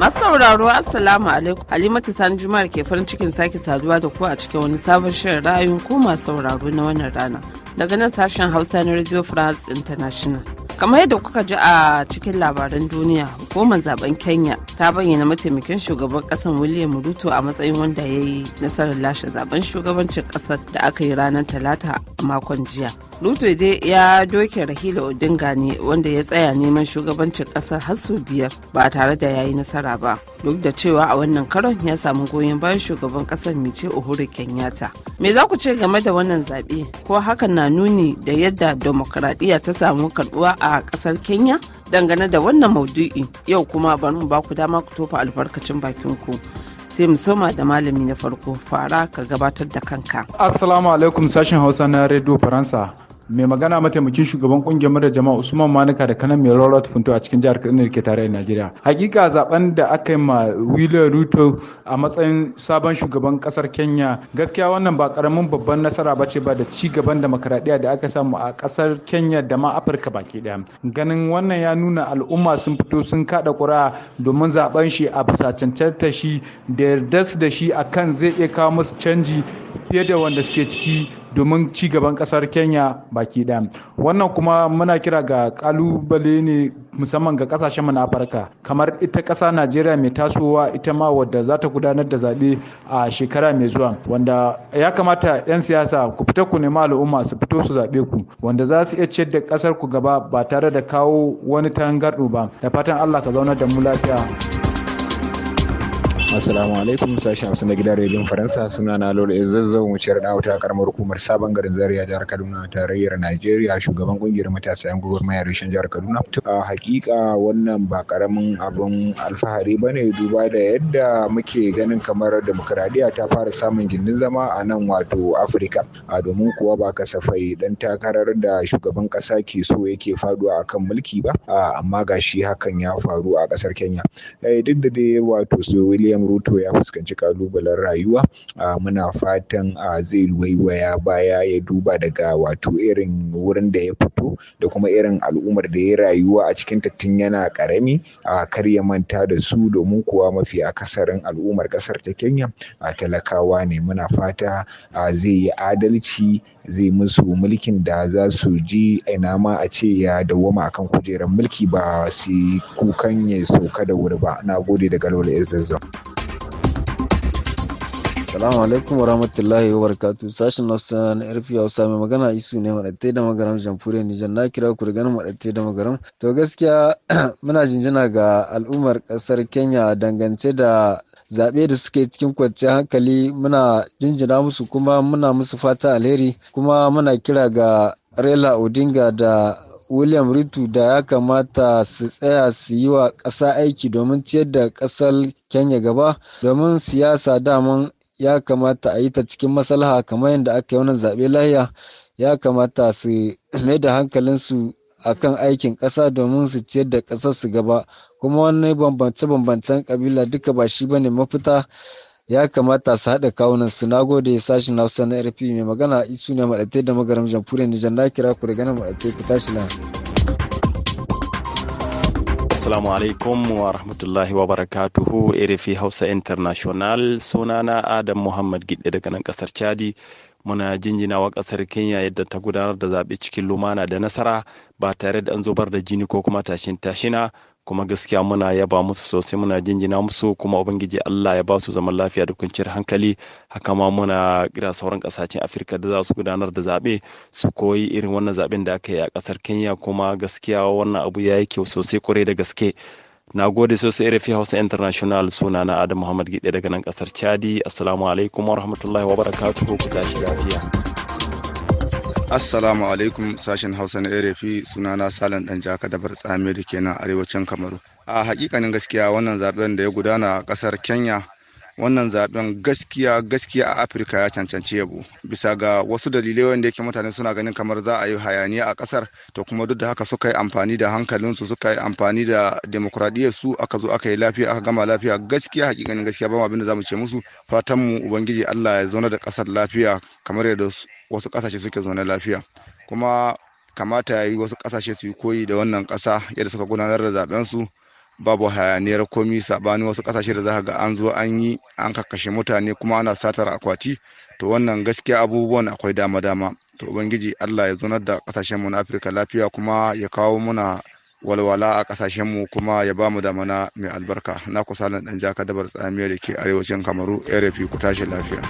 masauraro sauraro Assalamu alaikum Halimatu Sani Juma'ar ke farin cikin sake saduwa da ku a cikin wani sabon shirin ra'ayin ko masu sauraro na wannan rana. Daga nan sashen Hausa na Radio France International. kamar yadda kuka ji a cikin labaran duniya hukumar zaben kenya ta bayyana mataimakin shugaban kasan william ruto a matsayin wanda ya yi nasarar lashe zaben shugabancin kasar da aka yi ranar talata a makon jiya Ruto dai ya doke Rahila Odinga ne wanda ya tsaya neman shugabancin kasar har sau biyar ba tare da yayi nasara ba. Duk da cewa a wannan karon ya samu goyon bayan shugaban kasar Mice Uhuru Kenyatta. Me za ku ce game da wannan zaɓe? Ko hakan na nuni da yadda demokradiyya ta samu karɓuwa a kasar Kenya? Dangane da wannan maudu'i yau kuma bari mu ba ku dama ku tofa albarkacin bakin ku. sai mu soma da malami na farko fara ka gabatar da kanka. Assalamu alaikum sashen Hausa na Radio Faransa. mai magana mataimakin shugaban kungiyar murar jama'a usman manuka da kanan mai rawar funto a cikin jihar kaduna da ke tare da najeriya hakika zaben da aka yi ma william ruto a matsayin sabon shugaban kasar kenya gaskiya wannan ba karamin babban nasara ba ce ba da ci gaban demokaradiyya da aka samu a kasar kenya da ma afirka baki daya ganin wannan ya nuna al'umma sun fito sun kada ƙuri'a domin zaben shi a bisa cancanta shi da yarda da shi akan zai iya kawo musu canji fiye da wanda suke ciki domin ci gaban kasar kenya baki ɗaya wannan kuma muna kira ga kalubale ne musamman ga kasashen mu na afirka kamar ita ƙasa najeriya mai tasowa ita ma wadda za ta gudanar da zaɓe a shekara mai zuwa wanda ya kamata 'yan siyasa ku fita ku nema al'umma su fito su zaɓe ku wanda za su iya ciyar da ƙasar ku gaba ba tare da kawo wani tangarɗo ba da fatan allah ka zauna da mu lafiya Assalamu alaikum sashen hamsin na gidan rediyon Faransa suna na Lolo zazzau wucewar da wuta karamar hukumar sabon garin zariya jihar Kaduna tarayyar Najeriya shugaban kungiyar matasa yan mayar, rashin jihar Kaduna. A hakika wannan ba karamin abun alfahari ba ne duba da yadda muke ganin kamar demokradiyya ta fara samun gindin zama a nan wato Afirka. A domin kuwa ba kasafai dan takarar da shugaban ƙasa ke so yake faduwa akan mulki ba amma gashi hakan ya faru a ƙasar Kenya. Eh, duk da dai wato su William william ruto ya fuskanci kalubalen rayuwa muna fatan zai waiwaya baya ya duba daga wato irin wurin da ya fito da kuma irin al'ummar da ya rayuwa a cikin tattun yana karami kar ya manta da su domin kuwa mafi akasarin al'ummar kasar ta kenya a talakawa ne muna fata zai yi adalci zai musu mulkin da za su ji ina ma a ce ya dawwama akan kujerar mulki ba su kukan ya sauka da wuri ba na gode daga lola izazzo Salamu alaikum wa rahmatullahi wa barakatu sashen Hausa na a Hausa mai magana isu ne maɗatai da magaram jamhuriyar Nijar na kira ku ganin maɗatai da magaram. To gaskiya muna jinjina ga al'ummar ƙasar Kenya dangance da zaɓe da suke cikin kwanciyar hankali muna jinjina musu kuma muna musu fata alheri kuma muna kira ga Rela Odinga da William Ritu da ya kamata su tsaya su yi wa ƙasa aiki domin ciyar da ƙasar Kenya gaba domin siyasa daman ya kamata a yi ta cikin maslaha kamar yadda aka yi wannan zaɓe lahiya ya kamata su mai da hankalinsu a kan aikin ƙasa domin su ciyar da ƙasar su gaba kuma wani bambance-bambancen ƙabila duka ba shi bane mafita ya kamata su haɗa kawunan su na gode sashen hausa na rfi mai magana isu ne maɗate da magaram jamhuriyar nijar na kira ku da ganin maɗate ku tashi na. Assalamu alaikum wa rahmatullahi wa barakatuhu RFI Hausa International sunana Adam Muhammad Gidde daga nan kasar Chadi muna jinjina wa kasar kenya yadda ta gudanar da zaɓe cikin lumana da nasara ba tare da an zubar da jini ko kuma tashin tashina kuma gaskiya muna yaba musu sosai muna jinjina musu kuma ubangiji allah ya ba su zaman lafiya da kwanciyar hankali haka ma muna kira sauran kasashen afirka da za su gudanar da zaɓe su koyi irin wannan zaɓen da aka yi a ƙasar kenya kuma gaskiya wannan abu ya yi kyau sosai kwarai da gaske na gode sosai rafi hausa international suna na adam muhammad gide daga nan kasar chadi assalamu alaikum wa rahmatullahi wa barakatuhu ku tashi lafiya assalamu alaikum sashen hausa na rafi suna na salon dan jaka da bartsami da kenan arewacin kamaru a hakikanin gaskiya wannan zaben da ya gudana a kasar kenya wannan zaben gaskiya gaskiya a afirka ya cancanci yabo bisa ga wasu dalilai wanda yake mutane suna ganin kamar za a yi hayaniya a kasar to kuma duk da haka suka yi amfani da hankalinsu suka yi amfani da demokradiyyar su aka zo aka yi lafiya aka gama lafiya gaskiya hakikanin gaskiya ba mu abin da za mu ce musu fatan mu ubangiji Allah ya zauna da kasar lafiya kamar yadda wasu kasashe suke zaune lafiya kuma kamata ya yi wasu kasashe su yi koyi da wannan kasa yadda suka gudanar da zaben su babu hayaniyar komi sabanin wasu kasashe da zaka ga an zo an yi an kakkashe mutane kuma ana satar akwati to wannan gaskiya abubuwan akwai dama dama to ubangiji Allah ya zonar da kasashen mu na Afirka lafiya kuma ya kawo muna walwala a kasashen mu kuma ya ba mu damana mai albarka na kusalan dan jaka dabar tsamiya da ke arewacin Kamaru RFI ku tashi lafiya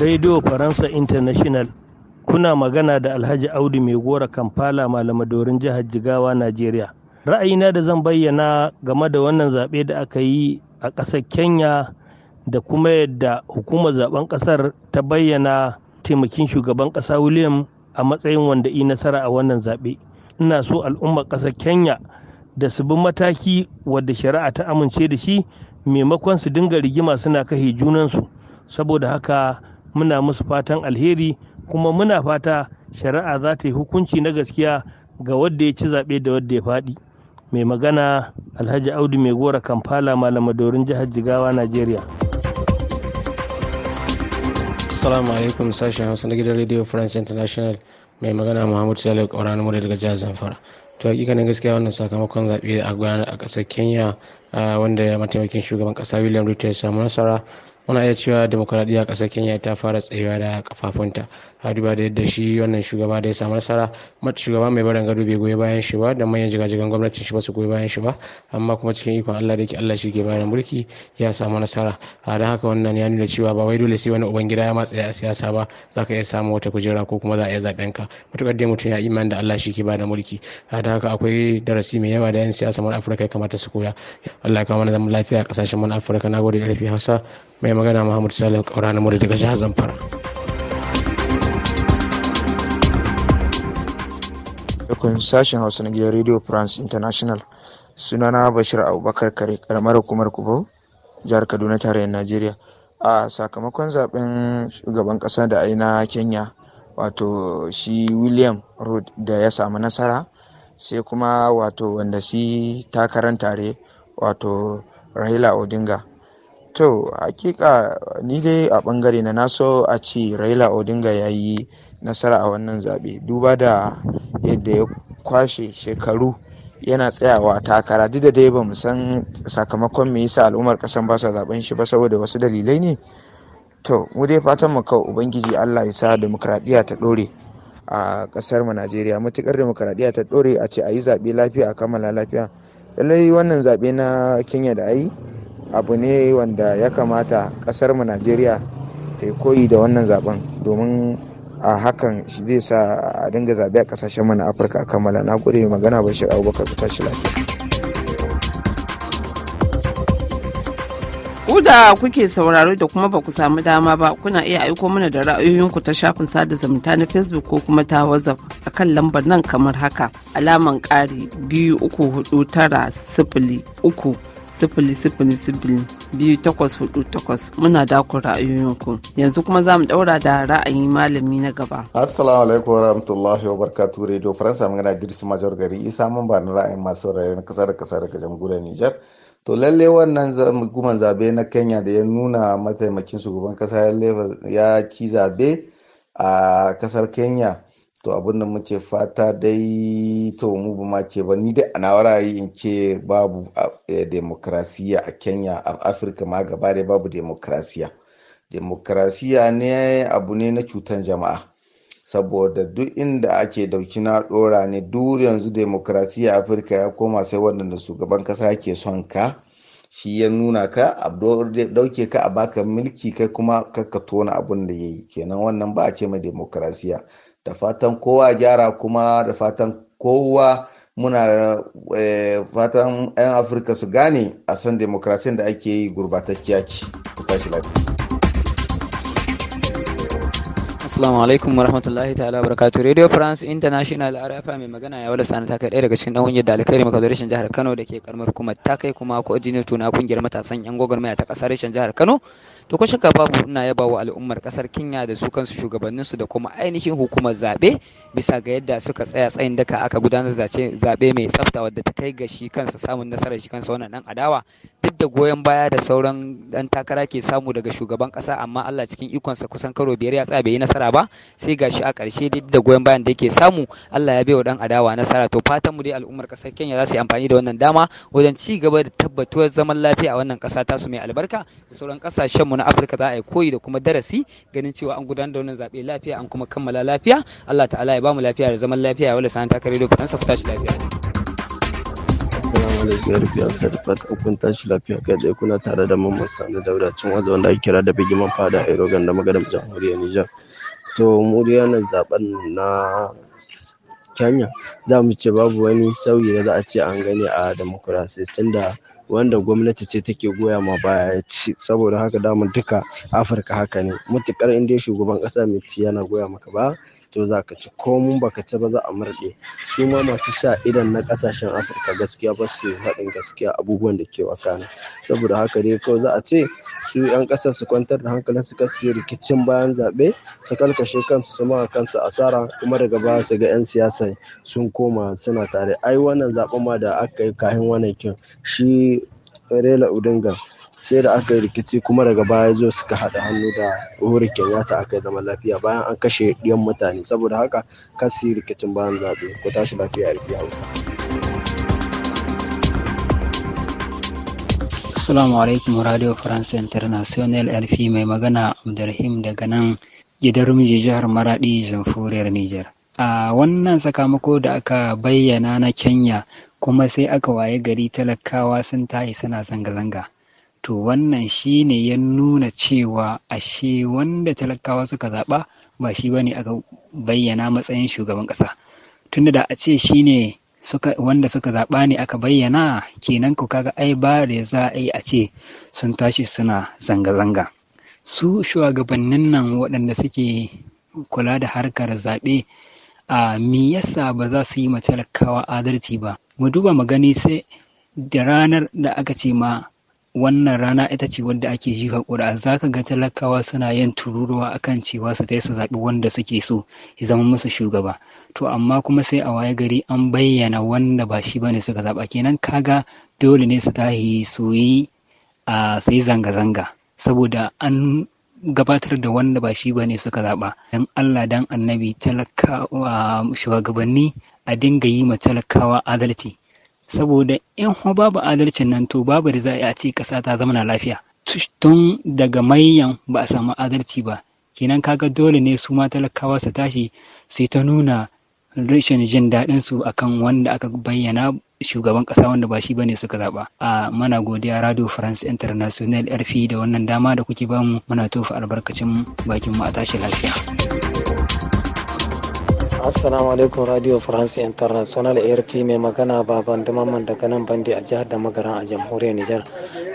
Radio Faransa International Kuna magana da Alhaji Audu Mai Gora Kampala dorin Jihar Jigawa, Najeriya. Ra'ayina da zan bayyana game da wannan zaɓe da aka yi a ƙasar Kenya da kuma yadda hukumar zaɓen ƙasar ta bayyana taimakin shugaban ƙasa William a matsayin wanda yi nasara a wannan zaɓe. Ina so al'ummar ƙasar Kenya da su bi mataki wadda shari'a ta amince da shi maimakon su dinga rigima suna kashe junansu saboda haka muna musu fatan alheri kuma muna fata shari'a za ta yi hukunci na gaskiya ga wadda ya ci zaɓe da wadda ya faɗi mai magana alhaji audu mai gora kamfala madorin jihar jigawa najeriya assalamu alaikum sashen hausa na gidan radio france international mai magana muhammadu salo ƙwararren mura daga jihar zamfara to ne gaskiya wannan sakamakon zaɓe a gudanar a ƙasar kenya wanda mataimakin shugaban ƙasa william ruto ya samu nasara muna iya cewa demokuraɗiyya a ƙasar kenya ta fara tsayuwa da kafafunta a da yadda shi wannan shugaba da ya samu nasara shugaba mai barin gado bai goyi bayan shi ba da manyan jigajigan gwamnatin shi ba su goyi bayan shi ba amma kuma cikin ikon Allah da ke Allah shi ke bayan mulki ya samu nasara a don haka wannan ya nuna cewa ba wai dole sai wani gida ya matsa a siyasa ba za ka iya samun wata kujera ko kuma za a iya zaben ka matuƙar dai mutum ya iman da Allah shi ke bada mulki a don haka akwai darasi mai yawa da yan siyasa mun Afirka ya kamata su koya Allah ya kawo mana zaman lafiya a ƙasashen mun Afirka gode da Hausa mai magana muhammadu Salihu Kaura na Murdi daga jihar Zamfara. kun sashen hausa na gidan radio france international sunana bashir abubakar kare karamar hukumar kubo jihar kaduna tarayyar najeriya a sakamakon zaben shugaban kasa da aina kenya wato shi william road da ya samu nasara sai kuma wato wanda shi takarar tare wato Raila odinga to hakika ni dai a bangare na naso a ce Raila odinga ya yi nasara a wannan zaɓe duba da yadda ya kwashe shekaru yana tsayawa takara duk da dai ba mu san sakamakon me yasa al'ummar kasan ba sa zaben shi ba saboda wasu dalilai ne to mu dai fatan mu kawai ubangiji Allah ya sa demokradiya ta dore a kasar mu Najeriya mutukar demokradiya ta dore a ce a yi zabe lafiya a kammala lafiya lallai wannan zabe na Kenya da ayi abu ne wanda ya kamata kasar mu Najeriya ta koyi da wannan zaben domin a hakan shi zai sa a dinga zaɓe a ƙasashen mana afirka a kammala na gode magana bashir abubakar ka tashi lafiya ku da kuke sauraro da kuma ba ku samu dama ba kuna iya aiko mana da ra'ayoyinku ta shafin sada zumunta na facebook ko kuma ta whatsapp a kan lambar nan kamar haka alaman kari biyu uku hudu tara sifili uku sifili sifili sifili biyu takwas hudu takwas muna daku ra'ayoyinku yanzu kuma za mu daura da ra'ayin malami na gaba. Assalamu alaikum wa rahmatullahi wa ture Radio Faransa gana girsi Major Gari Isa mun ba na ra'ayin masu rayuwar kasa da kasa daga jamhuriyar Nijar. To lalle wannan guman zabe na Kenya da ya nuna mataimakin shugaban kasa ya ki zabe a kasar Kenya. to abin da muke fata dai to mu ba ma ce ba ni dai ana nawarayi in ce babu eh, eh, demokrasiya a kenya a afirka ma gaba dai babu demokrasiya demokrasiya ne abu ne na cutan jama'a saboda duk inda ake dauki na dora ne duk yanzu demokrasiya afirka ya koma sai waɗanda shugaban kasa ke son ka shi ya nuna ka a dauke ka a baka mulki kai kuma ka tona abin da ya yi kenan wannan ba a ce mai demokrasiya da fatan kowa gyara kuma da fatan kowa muna eh, fatan 'yan afirka su gane a san demokrasiyyar da ake yi gurbatacciya ce ku tashi lafiya Assalamu alaikum wa rahmatullahi ta'ala barakatu Radio France International arafa mai magana ya wala sana ta kai ɗaya daga cikin ɗan da alkhairi maka rashin jihar Kano da ke karamar kuma ta kai kuma ko ajinin tuna kungiyar matasan yan gwagwarmaya ta ƙasar rashin jihar Kano to ko shakka babu ina yaba wa al'ummar ƙasar Kenya da su kansu shugabannin su da kuma ainihin hukumar zaɓe bisa ga yadda suka tsaya tsayin daka aka gudanar zace zaɓe mai tsafta wadda ta kai ga shi kansa samun nasarar shi kansa wannan dan adawa duk da goyon baya da sauran dan takara ke samu daga shugaban ƙasa amma Allah cikin ikonsa kusan karo biyar ya tsaya bai yi nasara nasara ba sai gashi a ƙarshe dai da goyon bayan da yake samu Allah ya baiwa dan adawa nasara to fatan mu dai al'ummar ƙasar Kenya za su yi amfani da wannan dama wajen ci gaba da tabbatuwar zaman lafiya a wannan ƙasa ta su mai albarka da sauran ƙasashenmu mu na Afirka za a yi koyi da kuma darasi ganin cewa an gudanar da wannan zaɓe lafiya an kuma kammala lafiya Allah ta'ala ya ba mu lafiya da zaman lafiya wala sanan takare fitan sa ku tashi lafiya. Assalamu alaikum yarfi an sarfat ukun tashi lafiya kai kuna tare da mamman daura cin wanda kira da bigiman fada a Irogan da magadam jamhuriyar Nijar. to mu dai wannan zaɓen na Kenya za mu ce babu wani sauyi da za a ce an gani a demokarasi tunda wanda gwamnati ce take goya ma baya ci saboda haka dama duka Afirka haka ne matuƙar in dai shugaban ƙasa mai ci yana goya maka baya to za ka ci komun baka ci ba za a murɗe su ma masu sha idan na ƙasashen afirka gaskiya ba su haɗin gaskiya abubuwan da ke wakana saboda haka dai ko za a ce su 'yan ƙasar su kwantar da hankalin su kasu rikicin bayan zaɓe su kalkashe kansu su ma kansu asara kuma daga baya su ga 'yan siyasa sun koma suna tare ai wannan zaɓen ma da aka yi kahin wannan kin shi rela udinga sai da aka yi rikici kuma daga baya zo suka haɗa hannu da uhuru kenyatta aka yi zaman lafiya bayan an kashe ɗiyan mutane saboda haka kasi rikicin bayan zaɓe ko tashi lafiya a hausa Assalamu alaikum Radio France International RFI mai magana Abdulrahim daga nan gidan rumji jihar Maradi Zamfuriyar Nijar. A wannan sakamako da aka bayyana na Kenya kuma sai aka waye gari talakawa sun tahi suna zanga-zanga. to wannan shi ne ya nuna cewa ashe wanda talakawa suka zaɓa ba shi ba ne aka bayyana matsayin shugaban ƙasa tunda da a ce shi ne wanda suka zaɓa ne aka bayyana kenan ku kaga ai ba da za a yi a ce sun tashi suna zanga-zanga su shugabannin nan waɗanda suke kula da harkar zaɓe a miyasa yasa ba za su yi ma talakawa adalci ba mu duba mu gani sai da ranar da aka ce ma wannan rana ita ce wadda ake jifa ƙuri'a za ka ga talakawa suna yin tururuwa akan cewa su tai su zaɓi wanda suke so ya zama musu shugaba to amma kuma sai a waye gari an bayyana wanda ba shi bane suka zaɓa kenan kaga dole ne su tahi su yi a su zanga-zanga saboda an gabatar da wanda ba shi bane suka zaɓa dan Allah dan annabi talakawa shugabanni a dinga yi ma talakawa adalci saboda in ho babu adalcin nan to babu da za a ce ƙasa ta zama lafiya tun daga mayan ba a samu adalci ba kenan kaga dole ne su ma talakawa su tashi su ta nuna rashin jin daɗin su akan wanda aka bayyana shugaban ƙasa wanda ba shi bane suka zaɓa a mana godiya radio france international rfi da wannan dama da kuke bamu muna tofa albarkacin bakin mu a tashi lafiya Assalamu alaikum Radio France International ARP mai magana baban dumaman daga nan bandi a jihar da magaran a jamhuriyar Nijar.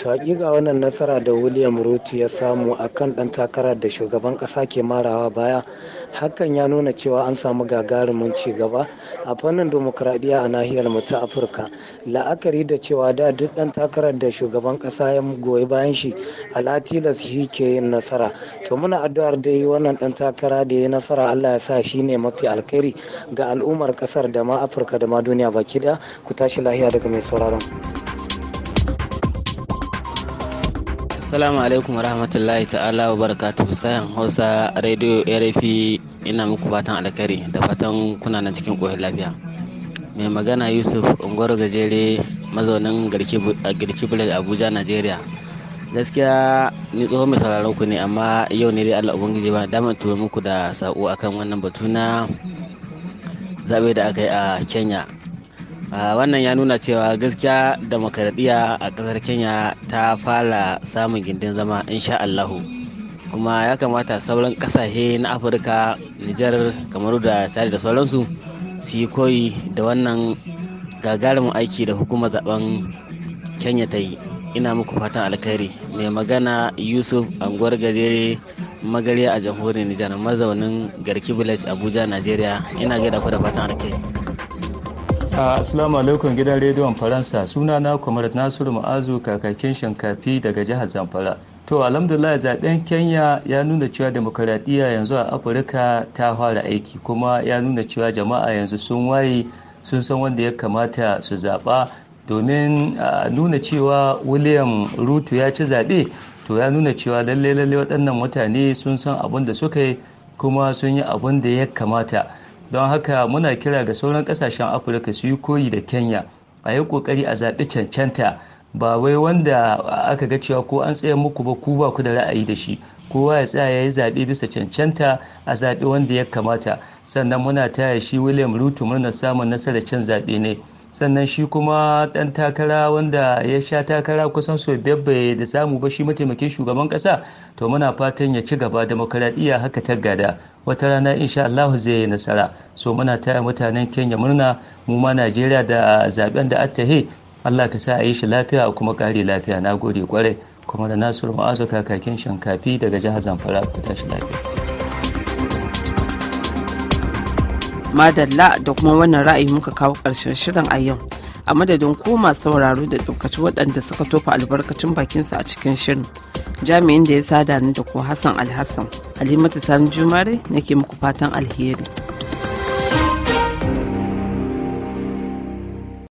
To hakika wannan nasara da William Ruto ya samu a kan ɗan takarar da shugaban ƙasa ke marawa baya hakan ya nuna cewa an samu gagarumin ci gaba a fannin demokradiyya a nahiyar mu ta Afirka. La'akari da cewa da duk ɗan takarar da shugaban ƙasa ya goyi bayan shi alatilas shi ke yin nasara. To muna addu'ar da yi wannan ɗan takara da ya nasara Allah ya sa shi ne mafi alkhairi ga al'ummar ƙasar da ma Afirka da ma duniya baki ɗaya ku tashi lahiya daga mai sauraron. Assalamu alaikum wa rahmatullahi ta'ala wa barakatu. sayan Hausa Radio RFI ina muku fatan alkhairi da fatan kuna nan cikin koyon lafiya. Mai magana Yusuf Ungwaro Gajere mazaunin Girki Village Abuja Najeriya. Gaskiya ni tsohon mai sauraron ku ne amma yau ne dai Allah ubangiji ba damar tura muku da sako akan wannan batu na zabe da aka yi a Kenya. wannan ya nuna cewa gaskiya demokradiyya a kasar kenya ta fara samun gindin zama insha allahu kuma ya kamata sauran kasashe na afirka nijar kamaru da sari da sauransu su yi koyi da wannan gagarumin aiki da hukumar zaben kenya ta yi ina muku fatan alkhairi mai magana yusuf anguwar gajere magariya a jamhuriyar nijar mazaunin garki village abuja nigeria ina gaida ku da fatan alkhairi Assalamu alaikum gidan rediyon Faransa suna na Kwamar Nasiru Ma'azu kakakin shinkafi daga jihar Zamfara. To alhamdulillah zaben Kenya ya nuna cewa demokaradiyya yanzu a Afirka ta fara aiki kuma ya nuna cewa jama'a yanzu sun waye sun san wanda ya kamata su zaɓa domin nuna cewa William Ruto ya ci zaɓe to ya nuna cewa lalle lalle waɗannan mutane sun san abin da suka yi kuma sun yi abin da ya kamata. don haka muna kira ga sauran kasashen afirka su yi koyi da kenya a yi kokari a zaɓi cancanta ba wai wanda aka ga cewa ko an tsaye muku ba ku ba ku da ra'ayi da shi kowa ya tsaya ya yi zaɓe bisa cancanta a zaɓe wanda ya kamata sannan muna taya shi william ruto murnar samun nasarar cin zaɓe ne sannan shi kuma ɗan takara wanda ya sha takara kusan so bai da samu ba shi mataimakin shugaban ƙasa to muna fatan ya ci gaba demokaradiyya haka ta gada wata rana insha Allah zai yi nasara so muna taya mutanen Kenya murna mu ma Najeriya da zaben da attahe Allah ka sa a yi shi lafiya kuma kare lafiya na gode kwarai kuma da Nasiru ma'azuka kakakin shinkafi daga jihar Zamfara ku tashi lafiya madalla da kuma wannan ra'ayi muka kawo ƙarshen shirin a yau a madadin ko masu sauraro da ɗaukaci waɗanda suka tofa albarkacin bakinsa a cikin shirin jami'in da ya sada ni da ko hassan alhassan halimatu sani jumare nake muku fatan alheri